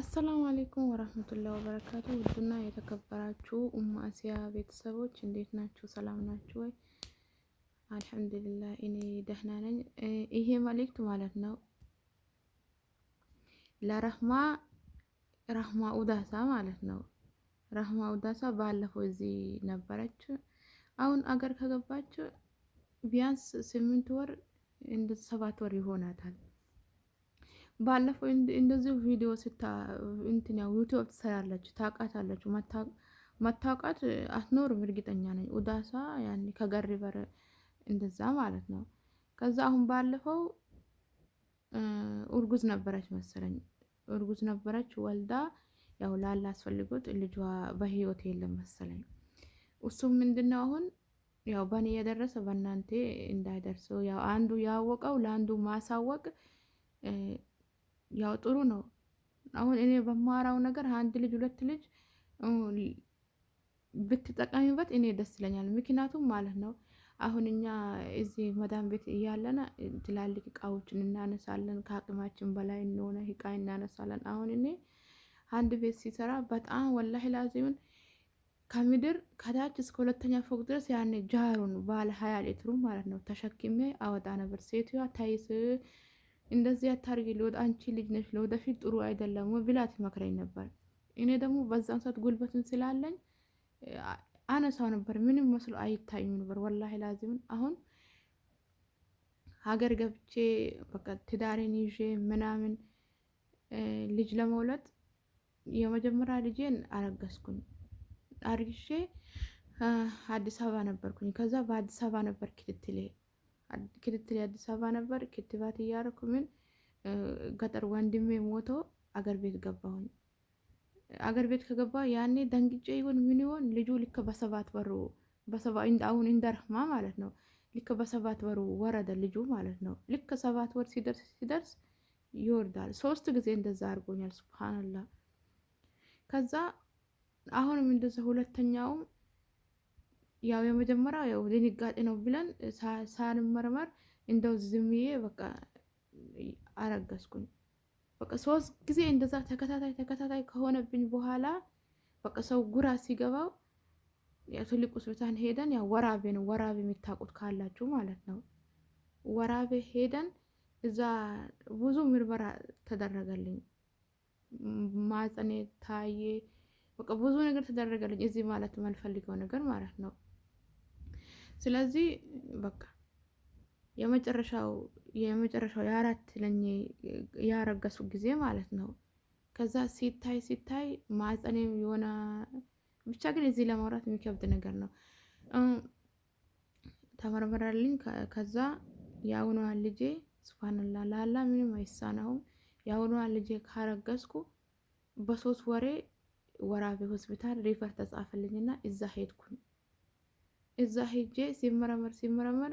አሰላሙ አሌይኩም ወራህመቱላ ወበረካቱ። ውድና የተከበራችሁ እማእስያ ቤተሰቦች እንዴት ናችሁ? ሰላም ናችሁ ወይ? አልሐምዱሊላ እኔ ደህና ነኝ። ይሄ መልእክት ማለት ነው ለረህማ ረህማ ኡዳሳ ማለት ነው። ረህማ ኡዳሳ ባለፈው እዚህ ነበረች። አሁን አገር ከገባች ቢያንስ ስምንት ወር እንደ ሰባት ወር ይሆናታል። ባለፈው እንደዚህ ቪዲዮ ስታ እንትና ዩቲዩብ ትሰራላችሁ ታውቃታላችሁ። መታወቃት አትኖርም፣ እርግጠኛ ነኝ። ኡዳሳ ያኔ ከገሪ በር እንደዛ ማለት ነው። ከዛ አሁን ባለፈው እርጉዝ ነበረች መሰለኝ፣ እርጉዝ ነበረች ወልዳ ያው ላላ አስፈልጎት ልጇ በህይወት የለም መሰለኝ። እሱም ምንድነው አሁን ያው በእኔ የደረሰ በእናንተ እንዳይደርሰው ያው አንዱ ያወቀው ለአንዱ ማሳወቅ ያው ጥሩ ነው። አሁን እኔ በማራው ነገር አንድ ልጅ ሁለት ልጅ ብትጠቀሚበት እኔ ደስ ይለኛል። ምክንያቱም ማለት ነው አሁን እኛ እዚህ መዳን ቤት እያለን ትላልቅ እቃዎችን እናነሳለን፣ ከአቅማችን በላይ እንደሆነ እቃ እናነሳለን። አሁን እኔ አንድ ቤት ሲሰራ በጣም ወላሂ ላዚምን ከምድር ከታች እስከ ሁለተኛ ፎቅ ድረስ ያኔ ጃሩን ባለ ሀያ ሊትሩ ማለት ነው ተሸክሜ አወጣ ነበር ሴትዮዋ ታይስ እንደዚህ አታርጊ ለወደ አንቺ ልጅ ነሽ ለወደፊት ጥሩ አይደለም ብላ ትመክረኝ ነበር። እኔ ደግሞ በዛን ሰዓት ጉልበትን ስላለኝ አነሳው ነበር። ምንም መስሎ አይታይም ነበር። ወላሂ ላዚምን አሁን ሀገር ገብቼ በቃ ትዳሬን ይዤ ምናምን ልጅ ለመውለድ የመጀመሪያ ልጄን አረገዝኩኝ። አርግሼ አዲስ አበባ ነበርኩኝ። ከዛ በአዲስ አበባ ነበር ክትትል ክትትል አዲስ አበባ ነበር። ክትባት እያደረኩ ምን ገጠር ወንድሜ ሞቶ አገር ቤት ገባሁኝ። አገር ቤት ከገባ ያኔ ደንግጬ ይሆን ምን ይሆን ልጁ ልክ በሰባት ወሩ አሁን እንደርህማ ማለት ነው። ልክ በሰባት ወሩ ወረደ ልጁ ማለት ነው። ልክ ሰባት ወር ሲደርስ ሲደርስ ይወርዳል። ሶስት ጊዜ እንደዛ አድርጎኛል። ሱብሃነላህ ከዛ አሁንም እንደዛ ሁለተኛውም ያው የመጀመሪያው ያው ድንጋጤ ነው ብለን ሳንመርመር እንደው ዝምዬ በቃ አረገዝኩኝ። በቃ ሶስት ጊዜ እንደዛ ተከታታይ ተከታታይ ከሆነብኝ በኋላ በቃ ሰው ጉራ ሲገባው ትልቅ ሆስፒታል ሄደን ያው ወራቤ ነው ወራቤ የሚታቁት ካላችሁ ማለት ነው። ወራቤ ሄደን እዛ ብዙ ምርመራ ተደረገልኝ። ማፀኔ ታዬ በቃ ብዙ ነገር ተደረገልኝ። እዚህ ማለት የማልፈልገው ነገር ማለት ነው። ስለዚህ በቃ የመጨረሻው የመጨረሻው የአራት ለኝ ያረገሱ ጊዜ ማለት ነው። ከዛ ሲታይ ሲታይ ማህፀኔም የሆነ ብቻ ግን እዚህ ለማውራት የሚከብድ ነገር ነው። ተመርመራልኝ። ከዛ የአሁኗ ልጄ ስፋንላ ላላ ምንም አይሳናውም። የአሁኗ ልጄ ካረገዝኩ በሶስት ወሬ ወራቤ ሆስፒታል ሪፈር ተጻፈልኝና እዛ ሄድኩኝ። እዛ ሄጄ ሲመረመር ሲመረመር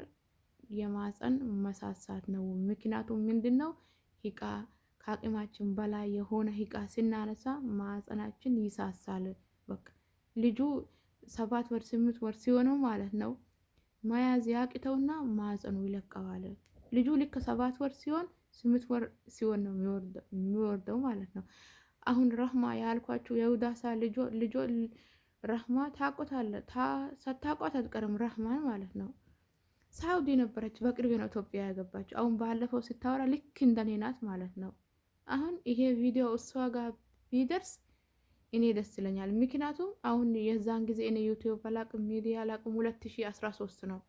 የማፀን መሳሳት ነው። ምክንያቱም ምንድን ነው ሂቃ ከአቅማችን በላይ የሆነ ሂቃ ስናነሳ ማፀናችን ይሳሳል። በቃ ልጁ ሰባት ወር ስምንት ወር ሲሆነው ማለት ነው መያዝ ያቅተውና ማፀኑ ይለቀዋል። ልጁ ልክ ሰባት ወር ሲሆን ስምንት ወር ሲሆን ነው የሚወርደው ማለት ነው። አሁን ረህማ ያልኳቸው የውዳሳ ልጆ ረህማ ታቆታለ ሳታቋት አትቀርም ረህማን ማለት ነው። ሳውዲ ነበረች፣ በቅርብ ነው ኢትዮጵያ ያገባችው። አሁን ባለፈው ስታወራ ልክ እንደኔ ናት ማለት ነው። አሁን ይሄ ቪዲዮ እሷ ጋር ቢደርስ እኔ ደስ ይለኛል። ምክንያቱም አሁን የዛን ጊዜ እኔ ዩቲዩብ አላቅም፣ ሚዲያ አላቅም። ሁለት ሺ አስራ ሶስት ነው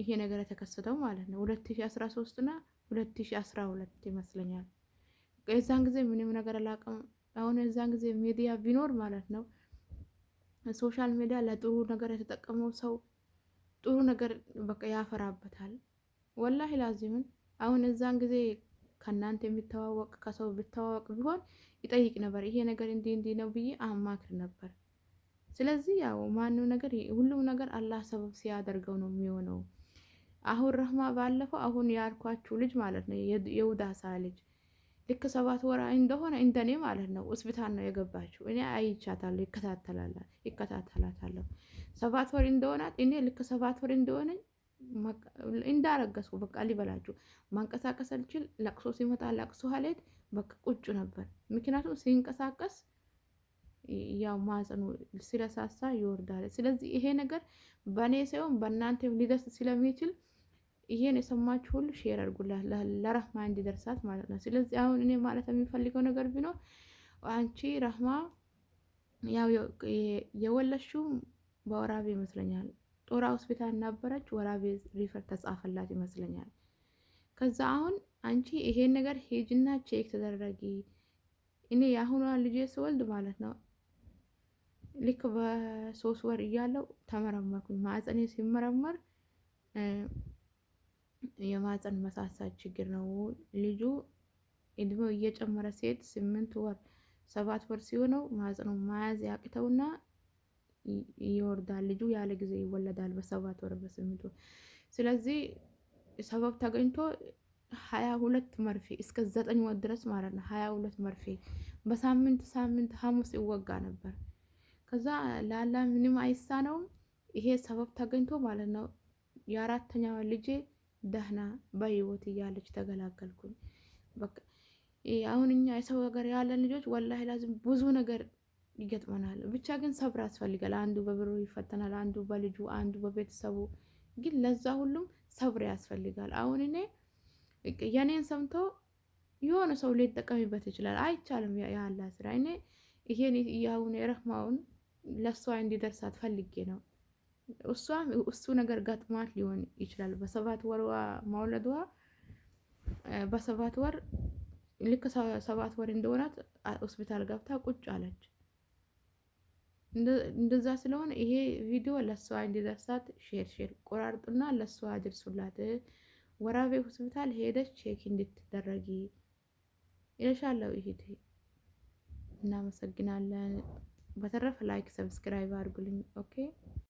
ይሄ ነገር የተከሰተው ማለት ነው። ሁለት ሺ አስራ ሶስት ና ሁለት ሺ አስራ ሁለት ይመስለኛል። የዛን ጊዜ ምንም ነገር አላቅም። አሁን የዛን ጊዜ ሚዲያ ቢኖር ማለት ነው ሶሻል ሚዲያ ለጥሩ ነገር የተጠቀመው ሰው ጥሩ ነገር በቃ ያፈራበታል። ወላሂ ላዚምን አሁን እዛን ጊዜ ከእናንተ የሚተዋወቅ ከሰው ብተዋወቅ ቢሆን ይጠይቅ ነበር። ይሄ ነገር እንዲህ እንዲህ ነው ብዬ አማክር ነበር። ስለዚህ ያው ማነው ነገር ሁሉም ነገር አላህ ሰበብ ሲያደርገው ነው የሚሆነው። አሁን ረህማ ባለፈው አሁን ያልኳችሁ ልጅ ማለት ነው የውዳሳ ልጅ ልክ ሰባት ወር እንደሆነ እንደኔ ማለት ነው ሆስፒታል ነው የገባችው። እኔ አይቻታለሁ፣ ይከታተላታለሁ። ሰባት ወር እንደሆናት እኔ ልክ ሰባት ወር እንደሆነኝ እንዳረገዝኩ በቃ ሊበላችሁ ማንቀሳቀስ አልችል። ለቅሶ ሲመጣ ለቅሶ ሀሌት በቃ ቁጭ ነበር። ምክንያቱም ሲንቀሳቀስ ያው ማጽኑ ስለሳሳ ይወርዳል። ስለዚህ ይሄ ነገር በእኔ ሳይሆን በእናንተ ሊደርስ ስለሚችል ይሄን የሰማችሁ ሁሉ ሼር አድርጉላት ለረህማ እንዲደርሳት ማለት ነው። ስለዚህ አሁን እኔ ማለት የሚፈልገው ነገር ቢኖር አንቺ ረህማ ያው የወለሽው በወራቤ ይመስለኛል። ጦራ ሆስፒታል ነበረች። ወራቤ ሪፈር ተጻፈላት ይመስለኛል። ከዛ አሁን አንቺ ይሄን ነገር ሄጅና ቼክ ተደረጊ። እኔ የአሁኗ ልጄ ስወልድ ማለት ነው ልክ በሶስት ወር እያለው ተመረመርኩኝ። ማዕፀኔ ሲመረመር የማፀን መሳሳት ችግር ነው። ልጁ እድሜው እየጨመረ ሴት ስምንት ወር ሰባት ወር ሲሆነው ማፀኑ መያዝ ያቅተውና ይወርዳል። ልጁ ያለ ጊዜ ይወለዳል በሰባት ወር በስምንት ወር። ስለዚህ ሰበብ ተገኝቶ ሀያ ሁለት መርፌ እስከ ዘጠኝ ወር ድረስ ማለት ነው። ሀያ ሁለት መርፌ በሳምንት ሳምንት ሐሙስ ይወጋ ነበር። ከዛ ላላ ምንም አይሳ ነውም። ይሄ ሰበብ ተገኝቶ ማለት ነው የአራተኛዋ ልጄ ደህና በህይወት እያለች ተገላገልኩኝ። በቃ አሁን እኛ የሰው ሀገር ያለን ልጆች ወላሂ ላዝም ብዙ ነገር ይገጥመናል። ብቻ ግን ሰብር ያስፈልጋል። አንዱ በብሩ ይፈተናል፣ አንዱ በልጁ፣ አንዱ በቤተሰቡ። ግን ለዛ ሁሉም ሰብር ያስፈልጋል። አሁን እኔ የኔን ሰምቶ የሆነ ሰው ሊጠቀሚበት ይችላል። አይቻልም ያላ ስራ እኔ ይሄን አሁን ረህማውን ለእሷ እንዲደርሳት ፈልጌ ነው እሷም እሱ ነገር ገጥሟት ሊሆን ይችላል። በሰባት ወር ማውለዷ በሰባት ወር ልክ ሰባት ወር እንደሆናት ሆስፒታል ገብታ ቁጭ አለች። እንደዛ ስለሆነ ይሄ ቪዲዮ ለሷ እንዲደርሳት ሼር ሼር ቆራርጡና ለሷ አድርሱላት። ወራቤ ሆስፒታል ሄደች ቼክ እንድትደረጊ ይለሻለሁ። ይሄ እናመሰግናለን። በተረፈ ላይክ ሰብስክራይብ አድርጉልኝ። ኦኬ